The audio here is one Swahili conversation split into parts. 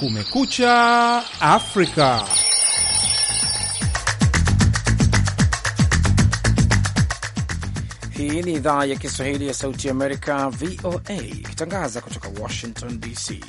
Kumekucha Afrika. Hii ni idhaa ya Kiswahili ya Sauti Amerika, VOA, ikitangaza kutoka Washington DC.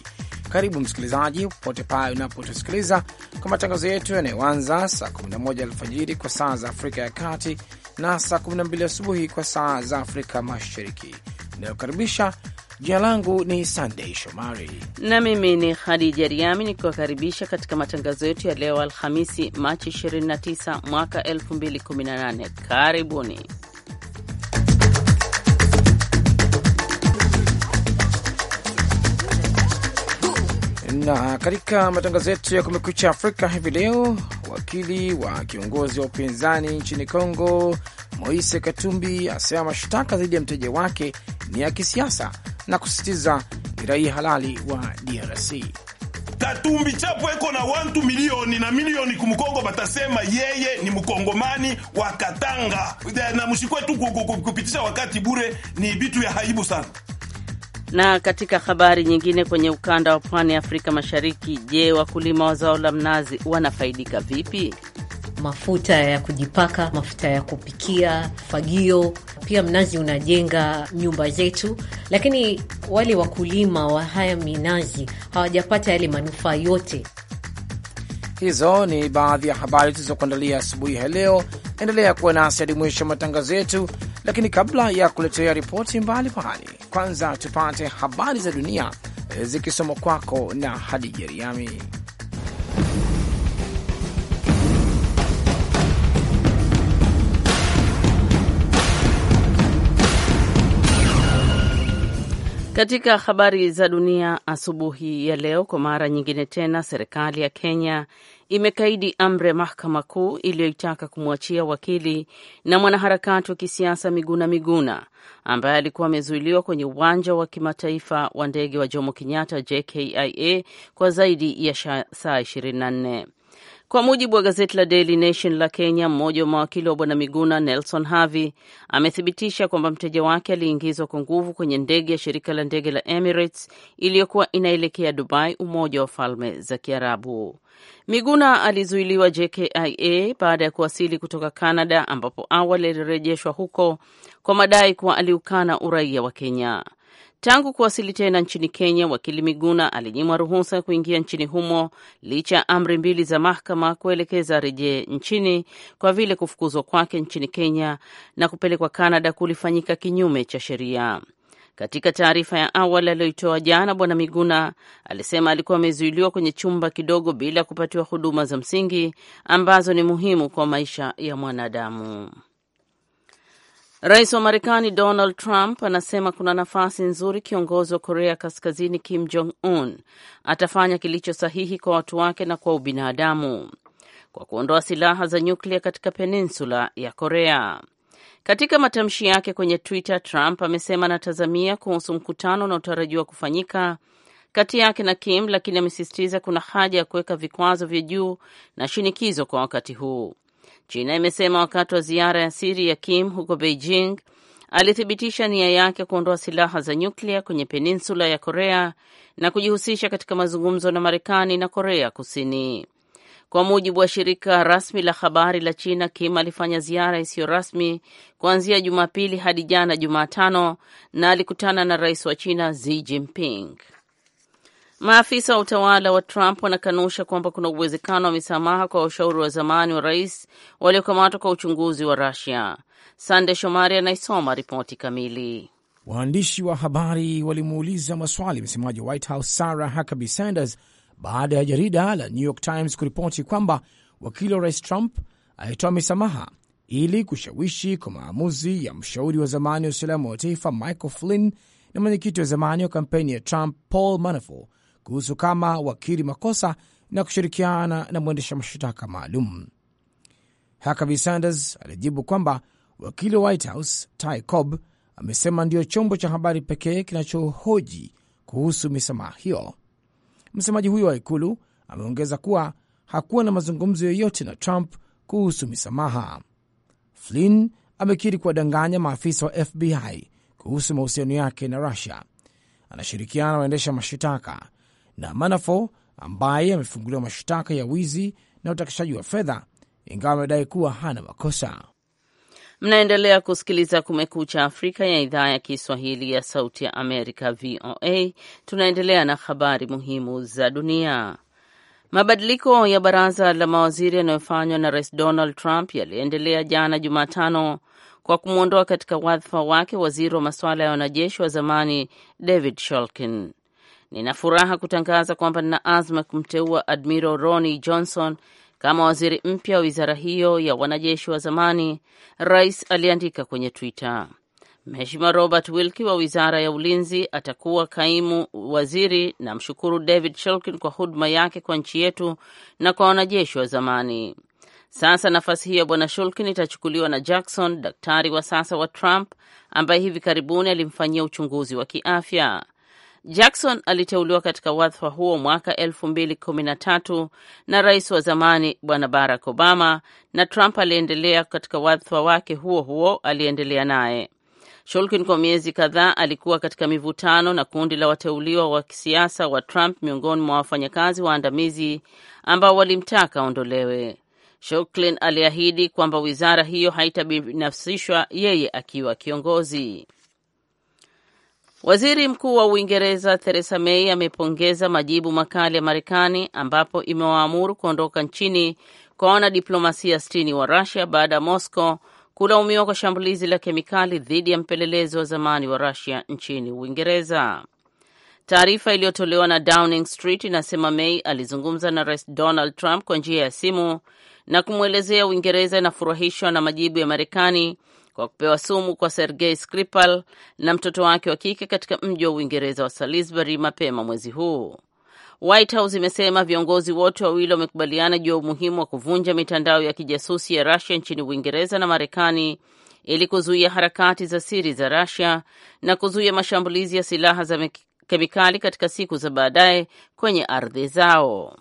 Karibu msikilizaji, popote pale unapotusikiliza kwa matangazo yetu yanayoanza saa 11 alfajiri kwa saa za Afrika ya Kati na saa 12 asubuhi kwa saa za Afrika Mashariki inayokaribisha Jina langu ni sandey Shomari na mimi ni Khadija Riami nikiwakaribisha katika matangazo yetu ya leo Alhamisi, Machi 29 mwaka 2018. Karibuni. Na katika matangazo yetu ya Kumekucha Afrika hivi leo, wakili wa kiongozi wa upinzani nchini congo Moise Katumbi asema mashtaka dhidi ya mteja wake ni ya kisiasa na kusisitiza ni raia halali wa DRC. Katumbi chapo eko na wantu milioni na milioni kumkongo, batasema yeye ni mkongomani wa Katanga, na mshikwe tu kupitisha wakati bure, ni vitu ya haibu sana. Na katika habari nyingine, kwenye ukanda wa pwani ya Afrika Mashariki, je, wakulima wa zao la mnazi wanafaidika vipi? Mafuta ya kujipaka, mafuta ya kupikia, fagio pia mnazi unajenga nyumba zetu, lakini wale wakulima wa haya minazi hawajapata yale manufaa yote. Hizo ni baadhi ya habari tulizokuandalia asubuhi ya leo. Endelea kuwa nasi hadi mwisho wa matangazo yetu, lakini kabla ya kuletea ripoti mbalimbali, kwanza tupate habari za dunia eh, zikisomwa kwako na Hadija Riami. Katika habari za dunia asubuhi ya leo, kwa mara nyingine tena serikali ya Kenya imekaidi amri ya mahakama kuu iliyoitaka kumwachia wakili na mwanaharakati wa kisiasa Miguna Miguna ambaye alikuwa amezuiliwa kwenye uwanja wa kimataifa wa ndege wa Jomo Kenyatta JKIA kwa zaidi ya saa 24. Kwa mujibu wa gazeti la Daily Nation la Kenya, mmoja wa mawakili wa bwana Miguna, Nelson Havi, amethibitisha kwamba mteja wake aliingizwa kwa nguvu kwenye ndege ya shirika la ndege la Emirates iliyokuwa inaelekea Dubai, Umoja wa Falme za Kiarabu. Miguna alizuiliwa JKIA baada ya kuwasili kutoka Canada, ambapo awali alirejeshwa huko kwa madai kuwa aliukana uraia wa Kenya. Tangu kuwasili tena nchini Kenya, wakili Miguna alinyimwa ruhusa ya kuingia nchini humo licha ya amri mbili za mahakama kuelekeza rejee nchini kwa vile kufukuzwa kwake nchini Kenya na kupelekwa Kanada kulifanyika kinyume cha sheria. Katika taarifa ya awali aliyoitoa jana, Bwana Miguna alisema alikuwa amezuiliwa kwenye chumba kidogo bila kupatiwa huduma za msingi ambazo ni muhimu kwa maisha ya mwanadamu. Rais wa Marekani Donald Trump anasema kuna nafasi nzuri kiongozi wa Korea Kaskazini Kim Jong Un atafanya kilicho sahihi kwa watu wake na kwa ubinadamu kwa kuondoa silaha za nyuklia katika peninsula ya Korea. Katika matamshi yake kwenye Twitter, Trump amesema anatazamia kuhusu mkutano unaotarajiwa kufanyika kati yake na Kim, lakini amesisitiza kuna haja ya kuweka vikwazo vya juu na shinikizo kwa wakati huu. China imesema wakati wa ziara ya siri ya Kim huko Beijing alithibitisha nia yake kuondoa silaha za nyuklia kwenye peninsula ya Korea na kujihusisha katika mazungumzo na Marekani na Korea Kusini. Kwa mujibu wa shirika rasmi la habari la China, Kim alifanya ziara isiyo rasmi kuanzia Jumapili hadi jana Jumatano na alikutana na rais wa China Xi Jinping. Maafisa wa utawala wa Trump wanakanusha kwamba kuna uwezekano wa misamaha kwa washauri wa zamani wa rais waliokamatwa kwa uchunguzi wa Rusia. Sande Shomari anaisoma ripoti kamili. Waandishi wa habari walimuuliza maswali msemaji wa White House Sarah Huckabee Sanders baada ya jarida la New York Times kuripoti kwamba wakili wa rais Trump alitoa misamaha ili kushawishi kwa maamuzi ya mshauri wa zamani wa usalama wa taifa Michael Flynn na mwenyekiti wa zamani wa kampeni ya Trump Paul Manafort kuhusu kama wakiri makosa na kushirikiana na mwendesha mashtaka maalum. Huckabee Sanders alijibu kwamba wakili wa White House Ty Cobb amesema ndiyo chombo cha habari pekee kinachohoji kuhusu misamaha hiyo. Msemaji huyo wa ikulu ameongeza kuwa hakuwa na mazungumzo yoyote na Trump kuhusu misamaha. Flynn amekiri kuwadanganya maafisa wa FBI kuhusu mahusiano yake na Rusia. Anashirikiana na waendesha mashitaka na Manafo ambaye amefunguliwa mashtaka ya wizi na utakishaji wa fedha, ingawa amedai kuwa hana makosa. Mnaendelea kusikiliza Kumekucha Afrika ya idhaa ya Kiswahili ya Sauti ya Amerika, VOA. Tunaendelea na habari muhimu za dunia. Mabadiliko ya baraza la mawaziri yanayofanywa na Rais Donald Trump yaliendelea jana Jumatano kwa kumwondoa katika wadhifa wake waziri wa masuala ya wanajeshi wa zamani David Shulkin. Nina furaha kutangaza kwamba nina azma ya kumteua Admiral roni Johnson kama waziri mpya wa wizara hiyo ya wanajeshi wa zamani, rais aliandika kwenye Twitter. Mheshimiwa Robert Wilkie wa wizara ya ulinzi atakuwa kaimu waziri. Namshukuru David Shulkin kwa huduma yake kwa nchi yetu na kwa wanajeshi wa zamani. Sasa nafasi hiyo ya bwana Shulkin itachukuliwa na Jackson, daktari wa sasa wa Trump ambaye hivi karibuni alimfanyia uchunguzi wa kiafya. Jackson aliteuliwa katika wadhifa huo mwaka elfu na na rais wa zamani bwana Barack Obama, na Trump aliendelea katika wadhifa wake huo huo, aliendelea naye. Shulkin kwa miezi kadhaa alikuwa katika mivutano na kundi la wateuliwa wa kisiasa wa Trump miongoni mwa wafanyakazi waandamizi ambao walimtaka aondolewe. Shulkin aliahidi kwamba wizara hiyo haitabinafsishwa yeye akiwa kiongozi. Waziri Mkuu wa Uingereza Theresa May amepongeza majibu makali ya Marekani ambapo imewaamuru kuondoka nchini kwa wanadiplomasia s wa Russia baada ya Moscow kulaumiwa kwa shambulizi la kemikali dhidi ya mpelelezi wa zamani wa rusia nchini Uingereza. Taarifa iliyotolewa na Downing Street inasema May alizungumza na Rais Donald Trump kwa njia ya simu na kumwelezea Uingereza inafurahishwa na majibu ya Marekani kwa kupewa sumu kwa Sergei Skripal na mtoto wake wa kike katika mji wa Uingereza wa Salisbury mapema mwezi huu. White House imesema viongozi wote wawili wamekubaliana juu ya umuhimu wa kuvunja mitandao ya kijasusi ya rasia nchini Uingereza na Marekani ili kuzuia harakati za siri za rasia na kuzuia mashambulizi ya silaha za kemikali katika siku za baadaye kwenye ardhi zao.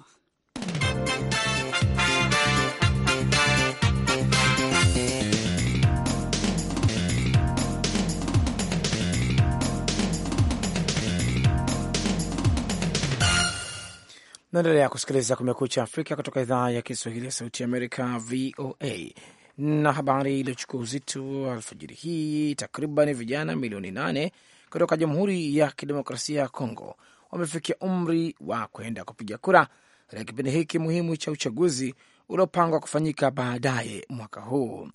Naendelea kusikiliza Kumekucha Afrika kutoka idhaa ya Kiswahili ya Sauti ya Amerika, VOA. Na habari iliyochukua uzito alfajiri hii, takriban vijana milioni nane kutoka Jamhuri ya Kidemokrasia ya Kongo wamefikia umri wa kwenda kupiga kura katika kipindi hiki muhimu cha uchaguzi uliopangwa kufanyika baadaye mwaka huu.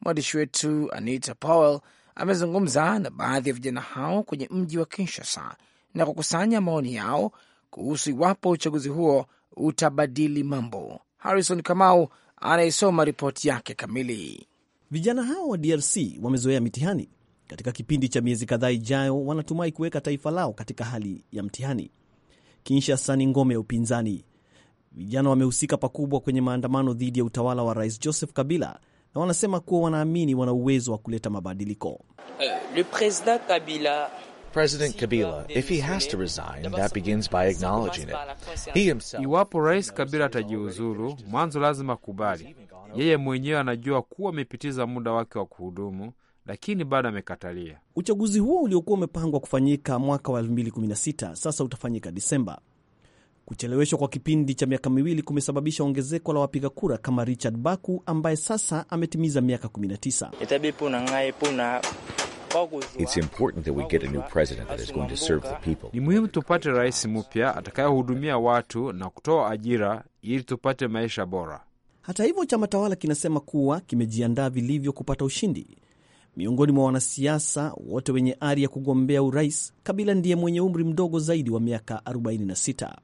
Mwandishi wetu Anita Powell amezungumza na baadhi ya vijana hao kwenye mji wa Kinshasa na kukusanya maoni yao kuhusu iwapo uchaguzi huo utabadili mambo. Harrison Kamau anayesoma ripoti yake kamili. Vijana hao wa DRC wamezoea mitihani. Katika kipindi cha miezi kadhaa ijayo, wanatumai kuweka taifa lao katika hali ya mtihani. Kinshasa ni ngome ya upinzani. Vijana wamehusika pakubwa kwenye maandamano dhidi ya utawala wa Rais Joseph Kabila na wanasema kuwa wanaamini wana uwezo wa kuleta mabadiliko. Eh, le president Kabila President Kabila, if he has to resign, that begins by acknowledging it. He himself. Iwapo Rais Kabila atajiuzuru, mwanzo lazima kubali. Yeye mwenyewe anajua kuwa amepitiza muda wake wa kuhudumu, lakini bado amekatalia. Uchaguzi huo uliokuwa umepangwa kufanyika mwaka wa 2016 sasa utafanyika Disemba. Kucheleweshwa kwa kipindi cha miaka miwili kumesababisha ongezeko la wapiga kura kama Richard Baku ambaye sasa ametimiza miaka 19. It's important that we get a new president that is going to serve the people. Ni muhimu tupate rais mpya atakayehudumia watu na kutoa ajira ili tupate maisha bora. Hata hivyo, chama tawala kinasema kuwa kimejiandaa vilivyo kupata ushindi. Miongoni mwa wanasiasa wote wenye ari ya kugombea urais, Kabila ndiye mwenye umri mdogo zaidi wa miaka 46.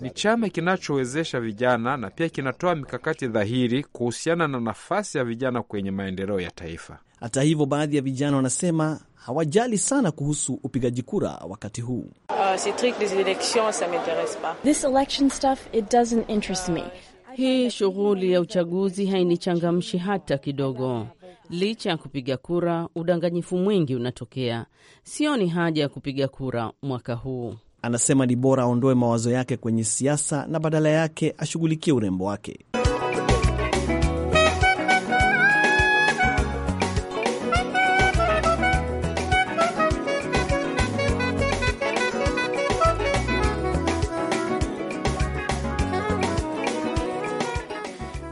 Ni chama kinachowezesha vijana na pia kinatoa mikakati dhahiri kuhusiana na nafasi ya vijana kwenye maendeleo ya taifa. Hata hivyo, baadhi ya vijana wanasema hawajali sana kuhusu upigaji kura wakati huu. Euh, Hii shughuli ya uchaguzi hainichangamshi hata kidogo. Licha ya kupiga kura, udanganyifu mwingi unatokea. Sioni haja ya kupiga kura mwaka huu. Anasema ni bora aondoe mawazo yake kwenye siasa na badala yake ashughulikie urembo wake.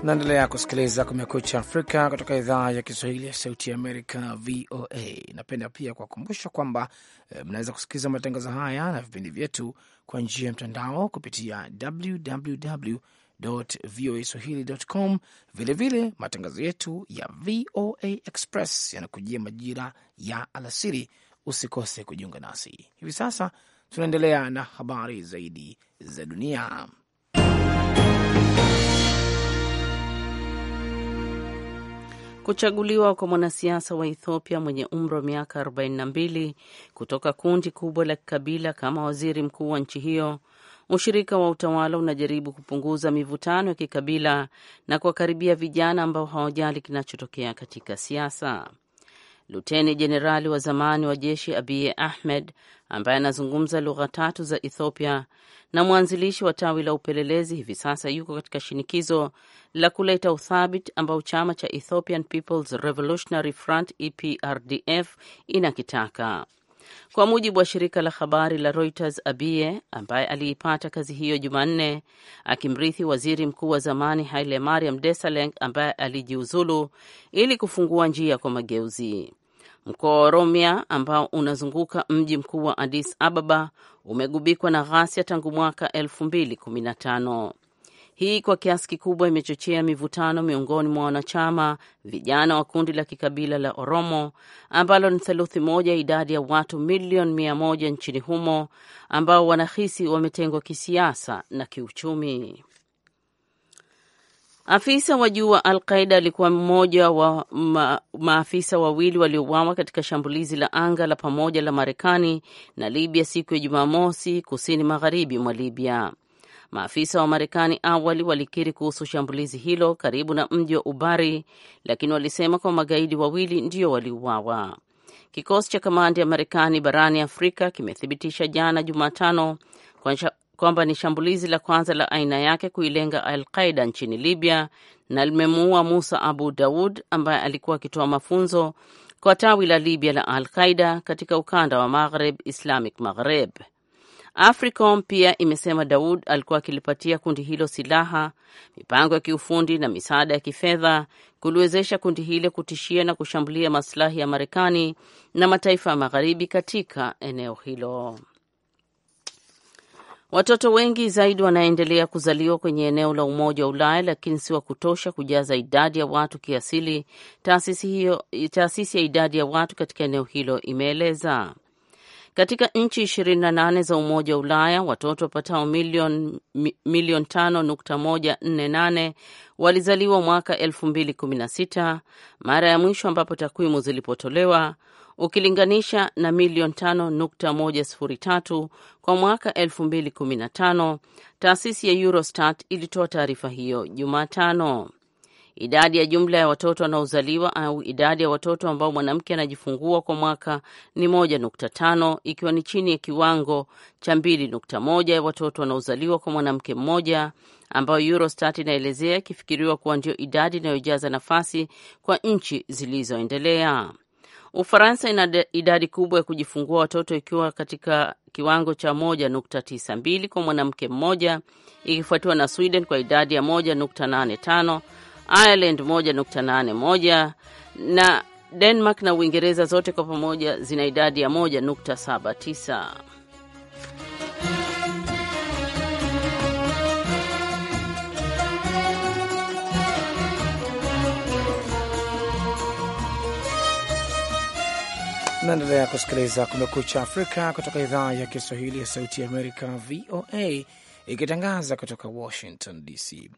Naendelea kusikiliza Kumekucha Afrika kutoka idhaa ya Kiswahili ya Sauti ya Amerika, VOA. Napenda pia kuwakumbusha kwamba e, mnaweza kusikiliza matangazo haya na vipindi vyetu kwa njia ya mtandao kupitia www voa swahili.com. Vilevile matangazo yetu ya VOA Express yanakujia majira ya alasiri. Usikose kujiunga nasi hivi sasa. Tunaendelea na habari zaidi za dunia. Kuchaguliwa kwa mwanasiasa wa Ethiopia mwenye umri wa miaka 42 kutoka kundi kubwa la kikabila kama waziri mkuu wa nchi hiyo, ushirika wa utawala unajaribu kupunguza mivutano ya kikabila na kuwakaribia vijana ambao hawajali kinachotokea katika siasa. Luteni jenerali wa zamani wa jeshi Abiy Ahmed ambaye anazungumza lugha tatu za Ethiopia na mwanzilishi wa tawi la upelelezi, hivi sasa yuko katika shinikizo la kuleta uthabiti ambao chama cha Ethiopian People's Revolutionary Front EPRDF inakitaka. Kwa mujibu wa shirika la habari la Reuters, abie ambaye aliipata kazi hiyo Jumanne akimrithi waziri mkuu wa zamani Haile Mariam Desalegn ambaye alijiuzulu ili kufungua njia kwa mageuzi. Mkoa wa Oromia ambao unazunguka mji mkuu wa Addis Ababa umegubikwa na ghasia tangu mwaka 215 Hii kwa kiasi kikubwa imechochea mivutano miongoni mwa wanachama vijana wa kundi la kikabila la Oromo ambalo ni theluthi moja idadi ya watu milioni mia moja nchini humo ambao wanahisi wametengwa kisiasa na kiuchumi. Afisa wa juu wa Al-Qaida alikuwa mmoja wa ma, maafisa wawili waliouawa katika shambulizi la anga la pamoja la Marekani na Libya siku ya Jumamosi kusini magharibi mwa Libya. Maafisa wa Marekani awali walikiri kuhusu shambulizi hilo karibu na mji wa Ubari, lakini walisema kwa magaidi wawili ndio waliuawa. Kikosi cha kamandi ya Marekani barani Afrika kimethibitisha jana Jumatano kwamba ni shambulizi la kwanza la aina yake kuilenga Al Qaida nchini Libya na limemuua Musa Abu Daud ambaye alikuwa akitoa mafunzo kwa tawi la Libya la Al Qaida katika ukanda wa Maghreb, Islamic Maghreb. AFRICOM pia imesema Daud alikuwa akilipatia kundi hilo silaha, mipango ya kiufundi na misaada ya kifedha kuliwezesha kundi hilo kutishia na kushambulia masilahi ya Marekani na mataifa ya magharibi katika eneo hilo. Watoto wengi zaidi wanaendelea kuzaliwa kwenye eneo la Umoja wa Ulaya, lakini si wa kutosha kujaza idadi ya watu kiasili, taasisi hiyo, taasisi ya idadi ya watu katika eneo hilo imeeleza. Katika nchi 28 za Umoja wa Ulaya, watoto wapatao milioni 5.148 walizaliwa mwaka 2016 mara ya mwisho ambapo takwimu zilipotolewa, ukilinganisha na milioni tatu kwa mwaka tano. Taasisi ya Eurostat ilitoa taarifa hiyo Jumatano. Idadi ya jumla ya watoto wanaozaliwa au idadi ya watoto ambao mwanamke anajifungua kwa mwaka ni 1.5 ikiwa ni chini ya kiwango cha 2.1 ya watoto wanaozaliwa kwa mwanamke mmoja, ambayo Eurostat inaelezea ikifikiriwa kuwa ndio idadi inayojaza nafasi kwa nchi zilizoendelea. Ufaransa ina idadi kubwa ya kujifungua watoto ikiwa katika kiwango cha 1.92 kwa mwanamke mmoja, ikifuatiwa na Sweden kwa idadi ya 1.85, Ireland 1.81 na Denmark na Uingereza zote kwa pamoja zina idadi ya 1.79. Naendelea kusikiliza Kumekucha Afrika kutoka idhaa ya Kiswahili ya Sauti ya Amerika, VOA, ikitangaza kutoka Washington DC.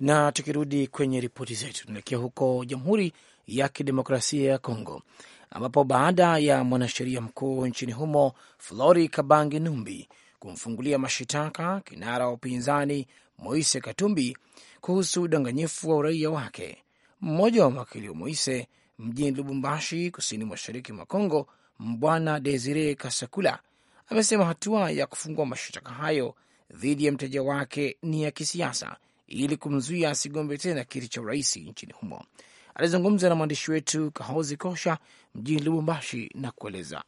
Na tukirudi kwenye ripoti zetu, tunaelekea huko Jamhuri ya Kidemokrasia ya Kongo, ambapo baada ya mwanasheria mkuu nchini humo Flori Kabangi Numbi kumfungulia mashitaka kinara wa upinzani Moise Katumbi kuhusu udanganyifu wa uraia wake, mmoja wa mawakili wa Moise mjini Lubumbashi, kusini mashariki mwa Kongo. Mbwana Desire Kasakula amesema hatua ya kufungua mashtaka hayo dhidi ya mteja wake ni ya kisiasa ili kumzuia asigombe tena kiti cha urais nchini humo. Alizungumza na mwandishi wetu Kahozi Kosha mjini Lubumbashi na kueleza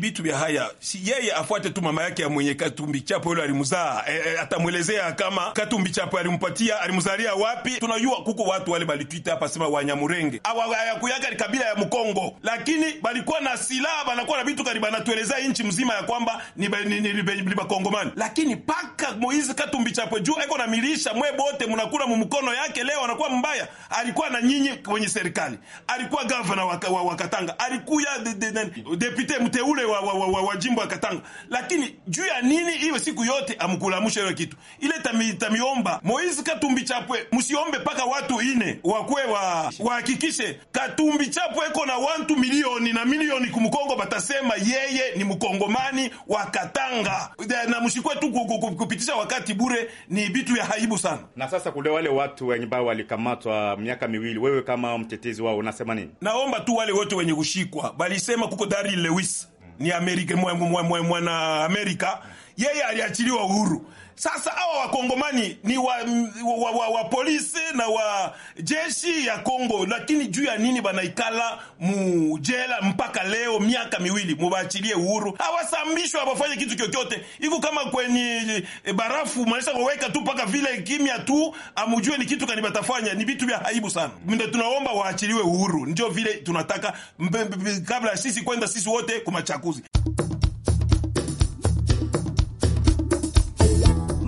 bitu vya haya, si yeye afuate tu mama yake ya mwenye katumbi chapo yule alimzaa, e, e, atamwelezea kama katumbi chapo alimpatia alimzalia wapi. Tunajua kuko watu wale balitwita hapa sema Wanyamurenge awayakuyaka ni kabila ya Mkongo, lakini balikuwa na silaha banakuwa na vitu karibu, anatuelezea nchi mzima ya kwamba ni bakongomani, lakini paka Moise katumbi chapo juu aiko na milisha mwe bote mnakula mumkono yake, leo anakuwa mbaya. Alikuwa na nyinyi kwenye serikali, alikuwa gavana wa Katanga, alikuwa depute mteule yule wa, wa, wa, wa, wa jimbo ya Katanga, lakini juu ya nini hiyo siku yote amkulamusha hiyo kitu ile tami, tamiomba Moise Katumbi Chapwe, msiombe paka watu ine wakwe wa wahakikishe Katumbi Chapwe iko na watu milioni na milioni kumkongo, batasema yeye ni mkongomani wa Katanga, na mshikwe tu kupitisha wakati bure, ni bitu ya haibu sana. Na sasa kule wale watu wenye bao walikamatwa miaka miwili, wewe kama mtetezi wao unasema nini? Naomba tu wale wote wenye kushikwa balisema kuko Daryl Lewis ni Amerika na Amerika yeye aliachiliwa uhuru. Sasa hawa wakongomani ni wa, wa, wa, wa wa polisi na wa jeshi ya Kongo, lakini juu ya nini banaikala mujela mpaka leo miaka miwili? Mubaachilie uhuru, hawasambishwa, hawafanye kitu chochote iko Kama kwenye eh, barafu maisha waweka tu mpaka vile kimya tu, amujue ni kitu kani batafanya, ni vitu vya aibu sana. Ndio tunaomba waachiliwe uhuru, ndio vile tunataka mbe, mbe, kabla sisi kwenda sisi wote kumachakuzi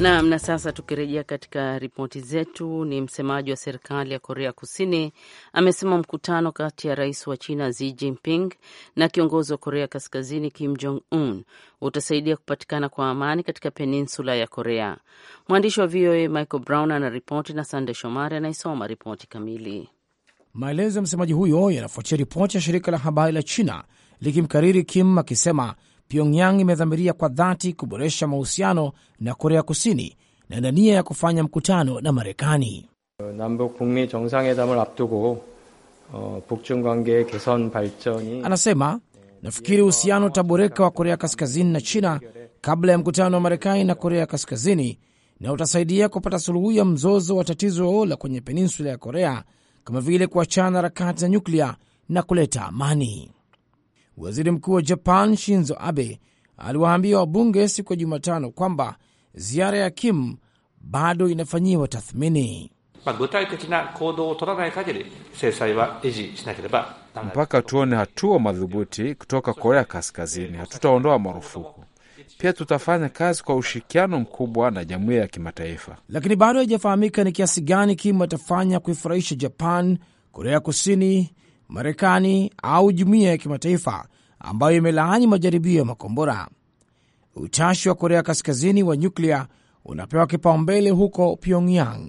Naam, na sasa tukirejea katika ripoti zetu, ni msemaji wa serikali ya Korea Kusini amesema mkutano kati ya rais wa China Xi Jinping na kiongozi wa Korea Kaskazini Kim Jong Un utasaidia kupatikana kwa amani katika peninsula ya Korea. Mwandishi wa VOA Michael Brown anaripoti na Sande Shomari anaisoma ripoti kamili. Maelezo ya msemaji huyo yanafuatia ripoti ya shirika la habari la China likimkariri Kim akisema Pyongyang imedhamiria kwa dhati kuboresha mahusiano na Korea Kusini na ina nia ya kufanya mkutano na Marekani. Anasema, nafikiri uhusiano utaboreka wa Korea Kaskazini na China kabla ya mkutano wa Marekani na Korea Kaskazini, na utasaidia kupata suluhu ya mzozo wa tatizo la kwenye peninsula ya Korea, kama vile kuachana harakati za nyuklia na kuleta amani. Waziri mkuu wa Japan Shinzo Abe aliwaambia wabunge siku ya Jumatano kwamba ziara ya Kim bado inafanyiwa tathmini. Mpaka tuone hatua madhubuti kutoka Korea Kaskazini, hatutaondoa marufuku. Pia tutafanya kazi kwa ushirikiano mkubwa na jamuiya ya kimataifa. Lakini bado haijafahamika ni kiasi gani Kim atafanya kuifurahisha Japan, Korea Kusini, Marekani au jumuiya ya kimataifa ambayo imelaani majaribio ya makombora. Utashi wa Korea Kaskazini wa nyuklia unapewa kipaumbele huko Pyongyang.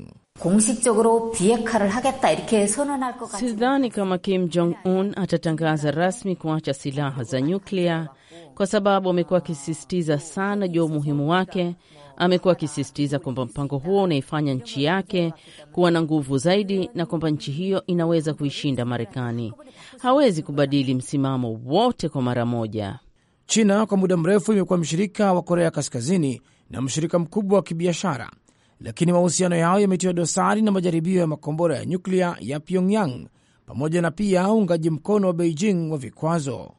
Sidhani kama Kim Jong Un atatangaza rasmi kuacha silaha za nyuklia, kwa sababu amekuwa akisisitiza sana juu ya umuhimu wake Amekuwa akisisitiza kwamba mpango huo unaifanya nchi yake kuwa na nguvu zaidi na kwamba nchi hiyo inaweza kuishinda Marekani. Hawezi kubadili msimamo wote kwa mara moja. China kwa muda mrefu imekuwa mshirika wa Korea Kaskazini na mshirika mkubwa wa kibiashara, lakini mahusiano yao yametiwa dosari na majaribio ya makombora ya nyuklia ya Pyongyang pamoja na pia uungaji mkono wa Beijing wa vikwazo.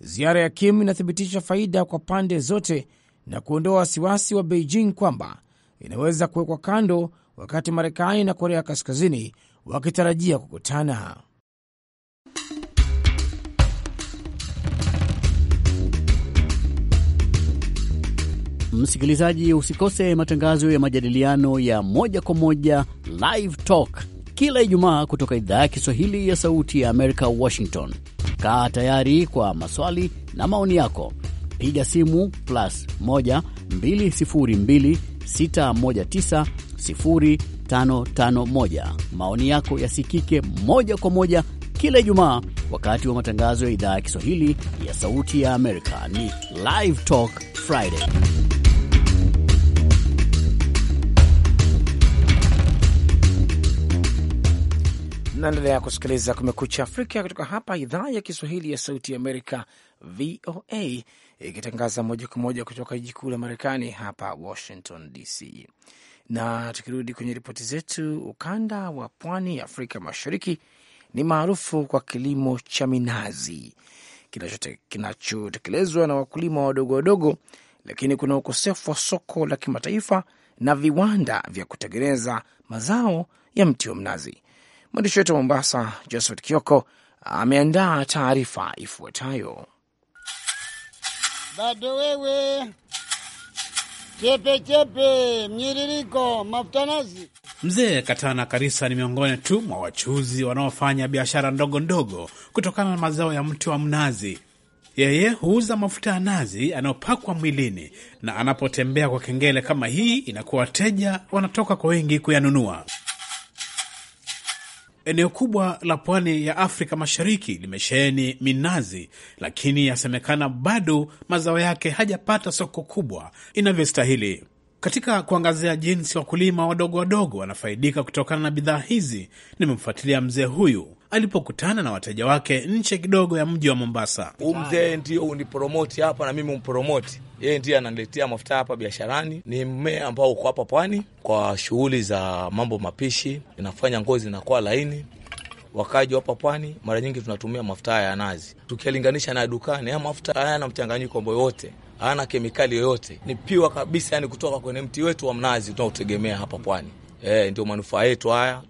Ziara ya Kim inathibitisha faida kwa pande zote na kuondoa wasiwasi wa Beijing kwamba inaweza kuwekwa kando wakati Marekani na Korea Kaskazini wakitarajia kukutana. Msikilizaji, usikose matangazo ya majadiliano ya moja kwa moja Live Talk kila Ijumaa kutoka idhaa ya Kiswahili ya Sauti ya Amerika, Washington. Kaa tayari kwa maswali na maoni yako piga simu plus 1 Maoni yako yasikike moja kwa moja kila Ijumaa wakati wa matangazo ya idhaa ya Kiswahili ya Sauti ya Amerika. Ni Live Talk Friday. Naendelea kusikiliza Kumekucha Afrika kutoka hapa idhaa ya Kiswahili ya Sauti ya Amerika, VOA ikitangaza moja kwa moja kutoka jiji kuu la Marekani hapa Washington DC. Na tukirudi kwenye ripoti zetu, ukanda wa pwani ya Afrika Mashariki ni maarufu kwa kilimo cha minazi kinachotekelezwa na wakulima wadogo wadogo, lakini kuna ukosefu wa soko la kimataifa na viwanda vya kutengeneza mazao ya mti wa mnazi. Mwandishi wetu wa Mombasa, Josephat Kioko, ameandaa taarifa ifuatayo bado wewe chepechepe, mnyiririko, mafuta nazi. Mzee Katana Karisa ni miongoni tu mwa wachuuzi wanaofanya biashara ndogo ndogo kutokana na mazao ya mti wa mnazi. Yeye huuza mafuta ya nazi anayopakwa mwilini, na anapotembea kwa kengele kama hii, inakuwa wateja wanatoka kwa wingi kuyanunua. Eneo kubwa la pwani ya Afrika Mashariki limesheheni minazi, lakini yasemekana bado mazao yake hajapata soko kubwa inavyostahili. Katika kuangazia jinsi wakulima wadogo wadogo wanafaidika kutokana na bidhaa hizi, nimemfuatilia mzee huyu alipokutana na wateja wake nche kidogo ya mji wa Mombasa. Umzee ndio unipromoti hapa na mimi umpromoti yeye, ndiye ananiletea mafuta hapa biasharani. Ni mmea ambao uko hapa pwani kwa shughuli za mambo mapishi, inafanya ngozi inakuwa laini. Wakaji hapa pwani mara nyingi tunatumia mafuta haya ya nazi, tukilinganisha na dukani. Haya mafuta hayana mchanganyiko wowote, hayana kemikali yoyote, ni piwa kabisa, yani kutoka kwenye mti wetu wa mnazi tunaotegemea hapa pwani. E, ndio manufaa yetu haya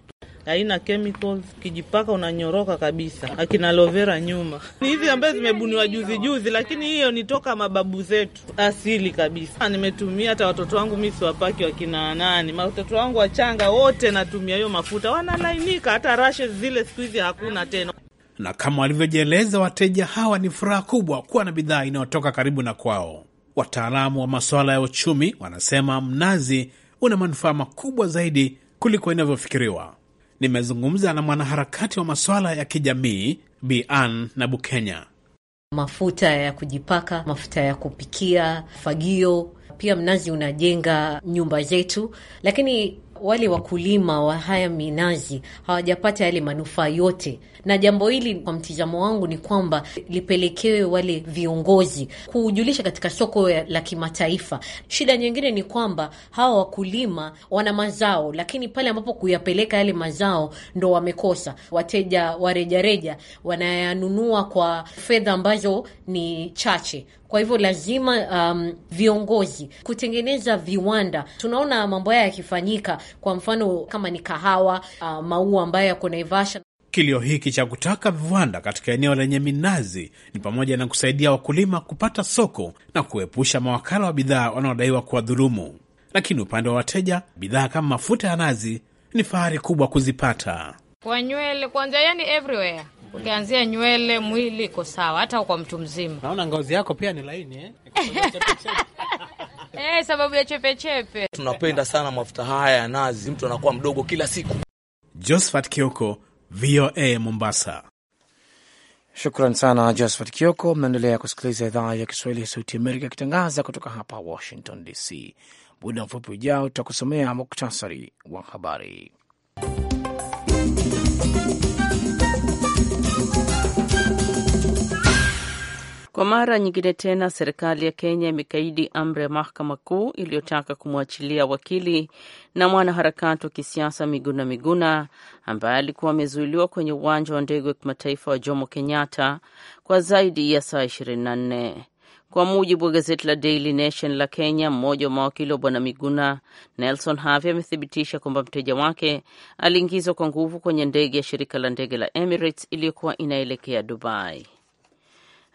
haina chemicals, kijipaka unanyoroka kabisa. Akina lovera nyuma ni hizi ambazo zimebuniwa juzi juzi, lakini hiyo ni toka mababu zetu asili kabisa. Ah, nimetumia hata watoto wangu mi siwapaki wakina nani, watoto wangu wachanga wote natumia hiyo mafuta, wanalainika. Hata rashes zile siku hizi hakuna tena na kama walivyojieleza wateja hawa, ni furaha kubwa kuwa na bidhaa inayotoka karibu na kwao. Wataalamu wa masuala ya uchumi wanasema mnazi una manufaa makubwa zaidi kuliko inavyofikiriwa nimezungumza na mwanaharakati wa masuala ya kijamii Bi Ann bukenya Mafuta ya kujipaka, mafuta ya kupikia, fagio, pia mnazi unajenga nyumba zetu, lakini wale wakulima wa haya minazi hawajapata yale manufaa yote, na jambo hili kwa mtizamo wangu ni kwamba lipelekewe wale viongozi kujulisha katika soko la kimataifa. Shida nyingine ni kwamba hawa wakulima wana mazao, lakini pale ambapo kuyapeleka yale mazao ndo wamekosa wateja. Wa rejareja wanayanunua kwa fedha ambazo ni chache. Kwa hivyo lazima um, viongozi kutengeneza viwanda. Tunaona mambo haya yakifanyika, kwa mfano kama ni kahawa uh, maua ambayo yako Naivasha. Kilio hiki cha kutaka viwanda katika eneo lenye minazi ni pamoja na kusaidia wakulima kupata soko na kuepusha mawakala wa bidhaa wanaodaiwa kuwadhulumu. Lakini upande wa wateja, bidhaa kama mafuta ya nazi ni fahari kubwa kuzipata kwa nywele kwanza, yani everywhere Ukianzia nywele, mwili iko sawa, hata kwa mtu mzima. Naona ngozi yako pia ni laini eh? Eh, sababu ya chepechepe. Tunapenda sana mafuta haya ya nazi, mtu anakuwa mdogo kila siku. Josephat Kioko, VOA Mombasa. Shukran sana Josephat Kioko. Mnaendelea kusikiliza idhaa ya Kiswahili ya Sauti Amerika ikitangaza kutoka hapa Washington DC. Muda mfupi ujao tutakusomea muktasari wa habari. Kwa mara nyingine tena, serikali ya Kenya imekaidi amri ya mahakama kuu iliyotaka kumwachilia wakili na mwanaharakati wa kisiasa Miguna Miguna ambaye alikuwa amezuiliwa kwenye uwanja wa ndege wa kimataifa wa Jomo Kenyatta kwa zaidi ya saa 24. Kwa mujibu wa gazeti la Daily Nation la Kenya, mmoja wa mawakili wa bwana Miguna, Nelson Havi, amethibitisha kwamba mteja wake aliingizwa kwa nguvu kwenye ndege ya shirika la ndege la Emirates iliyokuwa inaelekea Dubai.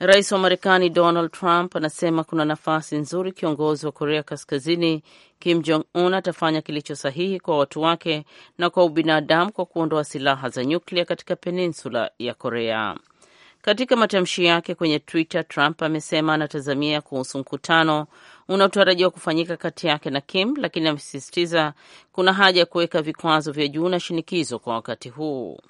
Rais wa Marekani Donald Trump anasema kuna nafasi nzuri kiongozi wa Korea Kaskazini Kim Jong Un atafanya kilicho sahihi kwa watu wake na kwa ubinadamu kwa kuondoa silaha za nyuklia katika peninsula ya Korea. Katika matamshi yake kwenye Twitter, Trump amesema anatazamia kuhusu mkutano unaotarajiwa kufanyika kati yake na Kim, lakini amesisitiza kuna haja ya kuweka vikwazo vya juu na shinikizo kwa wakati huu.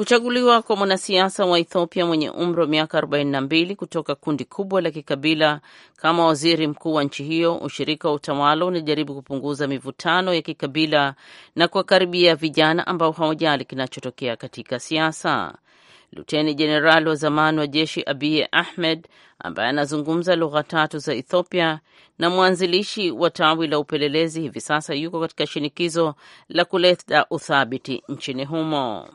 Kuchaguliwa kwa mwanasiasa wa Ethiopia mwenye umri wa miaka 42 kutoka kundi kubwa la kikabila kama waziri mkuu wa nchi hiyo, ushirika wa utawala unajaribu kupunguza mivutano ya kikabila na kuwakaribia vijana ambao hawajali kinachotokea katika siasa. Luteni jenerali wa zamani wa jeshi abiye Ahmed ambaye anazungumza lugha tatu za Ethiopia na mwanzilishi wa tawi la upelelezi, hivi sasa yuko katika shinikizo la kuleta uthabiti nchini humo.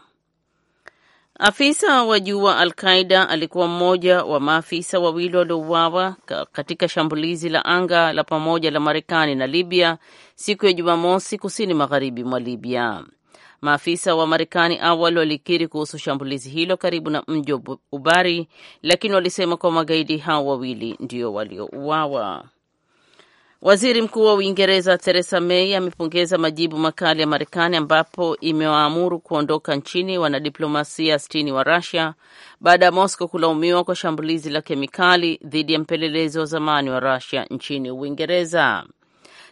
Afisa wa juu wa Al-Qaida alikuwa mmoja wa maafisa wawili waliouawa katika shambulizi la anga la pamoja la Marekani na Libya siku ya Jumamosi kusini magharibi mwa Libya. Maafisa wa Marekani awali walikiri kuhusu shambulizi hilo karibu na mji wa Ubari, lakini walisema kuwa magaidi hao wawili ndio waliouawa. Waziri Mkuu wa Uingereza Theresa May amepongeza majibu makali ya Marekani ambapo imewaamuru kuondoka nchini wanadiplomasia sitini wa rusia baada ya Moscow kulaumiwa kwa shambulizi la kemikali dhidi ya mpelelezi wa zamani wa rusia nchini Uingereza.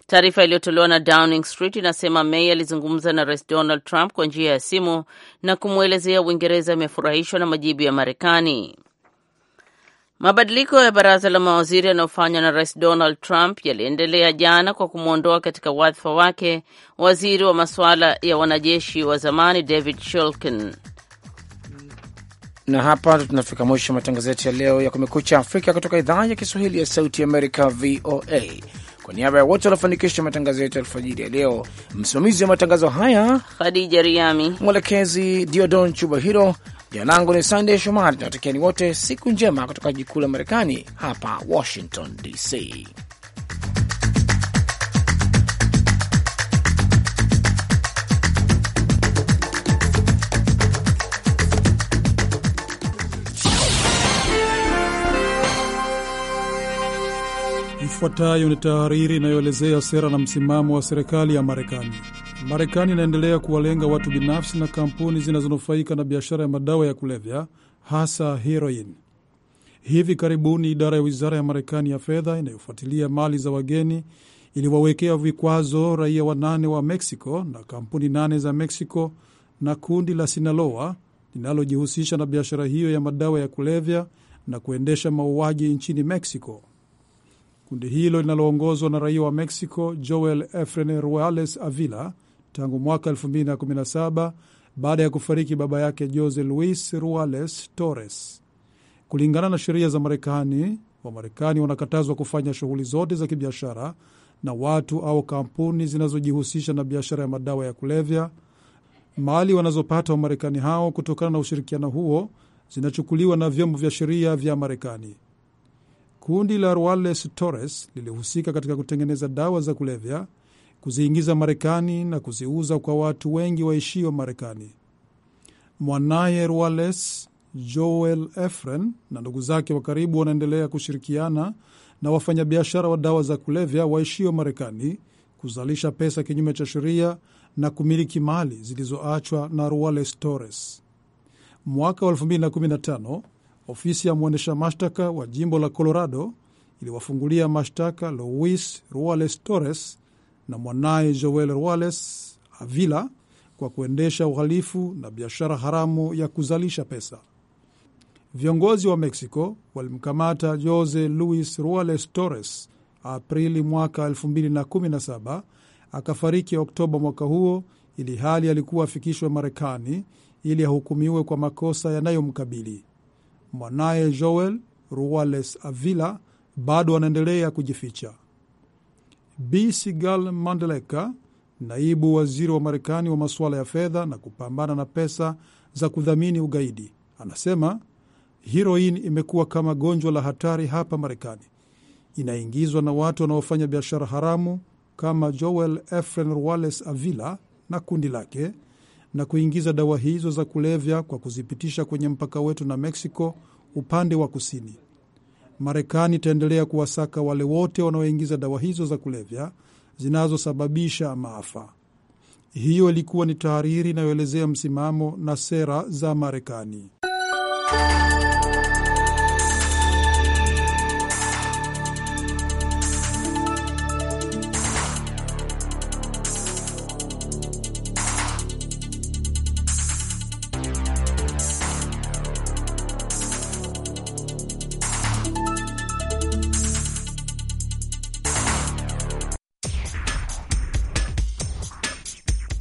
Taarifa iliyotolewa na Downing Street inasema May alizungumza na Rais Donald Trump kwa njia ya simu na kumwelezea Uingereza imefurahishwa na majibu ya Marekani. Mabadiliko ya baraza la mawaziri yanayofanywa na Rais Donald Trump yaliendelea jana kwa kumwondoa katika wadhifa wake waziri wa masuala ya wanajeshi wa zamani David Shulkin. Na hapa tunafika mwisho wa matangazo yetu ya leo ya Kumekucha Afrika kutoka idhaa ya Kiswahili ya Sauti Amerika, VOA. Kwa niaba ya wote waliofanikisha matangazo yetu alfajiri ya leo, msimamizi wa matangazo haya Khadija Riami, mwelekezi Diodon Chubahiro. Jina langu ni Sandey Shomari, tunawatakieni wote siku njema kutoka jiji kuu la Marekani, hapa Washington DC. Ifuatayo ni tahariri inayoelezea sera na msimamo wa serikali ya Marekani. Marekani inaendelea kuwalenga watu binafsi na kampuni zinazonufaika na biashara ya madawa ya kulevya hasa heroin. Hivi karibuni idara ya wizara ya Marekani ya fedha inayofuatilia mali za wageni iliwawekea vikwazo raia wanane wa Mexico na kampuni nane za Mexico na kundi la Sinaloa linalojihusisha na biashara hiyo ya madawa ya kulevya na kuendesha mauaji nchini Mexico. Kundi hilo linaloongozwa na raia wa Mexico Joel Efren Ruales Avila tangu mwaka 2017 baada ya kufariki baba yake Jose Luis Ruales Torres. Kulingana na sheria za Marekani, Wamarekani wanakatazwa kufanya shughuli zote za kibiashara na watu au kampuni zinazojihusisha na biashara ya madawa ya kulevya. Mali wanazopata Wamarekani hao kutokana na ushirikiano huo zinachukuliwa na vyombo vya sheria vya Marekani. Kundi la Ruales Torres lilihusika katika kutengeneza dawa za kulevya kuziingiza Marekani na kuziuza kwa watu wengi waishio Marekani. Mwanaye rales Joel Efren na ndugu zake wa karibu wanaendelea kushirikiana na wafanyabiashara wa dawa za kulevya waishio Marekani kuzalisha pesa kinyume cha sheria na kumiliki mali zilizoachwa na Ruales Torres. Mwaka wa 2015 ofisi ya mwendesha mashtaka wa jimbo la Colorado iliwafungulia mashtaka Louis Ruales Torres na mwanaye Joel roales Avila kwa kuendesha uhalifu na biashara haramu ya kuzalisha pesa. Viongozi wa Mexico walimkamata Jose Luis Ruales Torres Aprili mwaka 2017 akafariki Oktoba mwaka huo, ili hali alikuwa afikishwe Marekani ili ahukumiwe kwa makosa yanayomkabili. Mwanaye Joel Ruales Avila bado anaendelea kujificha. B Sigal Mandeleka, naibu waziri wa Marekani wa masuala ya fedha na kupambana na pesa za kudhamini ugaidi, anasema heroin imekuwa kama gonjwa la hatari hapa Marekani. Inaingizwa na watu wanaofanya biashara haramu kama Joel Efren Wallace Avila na kundi lake na kuingiza dawa hizo za kulevya kwa kuzipitisha kwenye mpaka wetu na Meksiko upande wa kusini. Marekani itaendelea kuwasaka wale wote wanaoingiza dawa hizo za kulevya zinazosababisha maafa. Hiyo ilikuwa ni tahariri inayoelezea msimamo na sera za Marekani.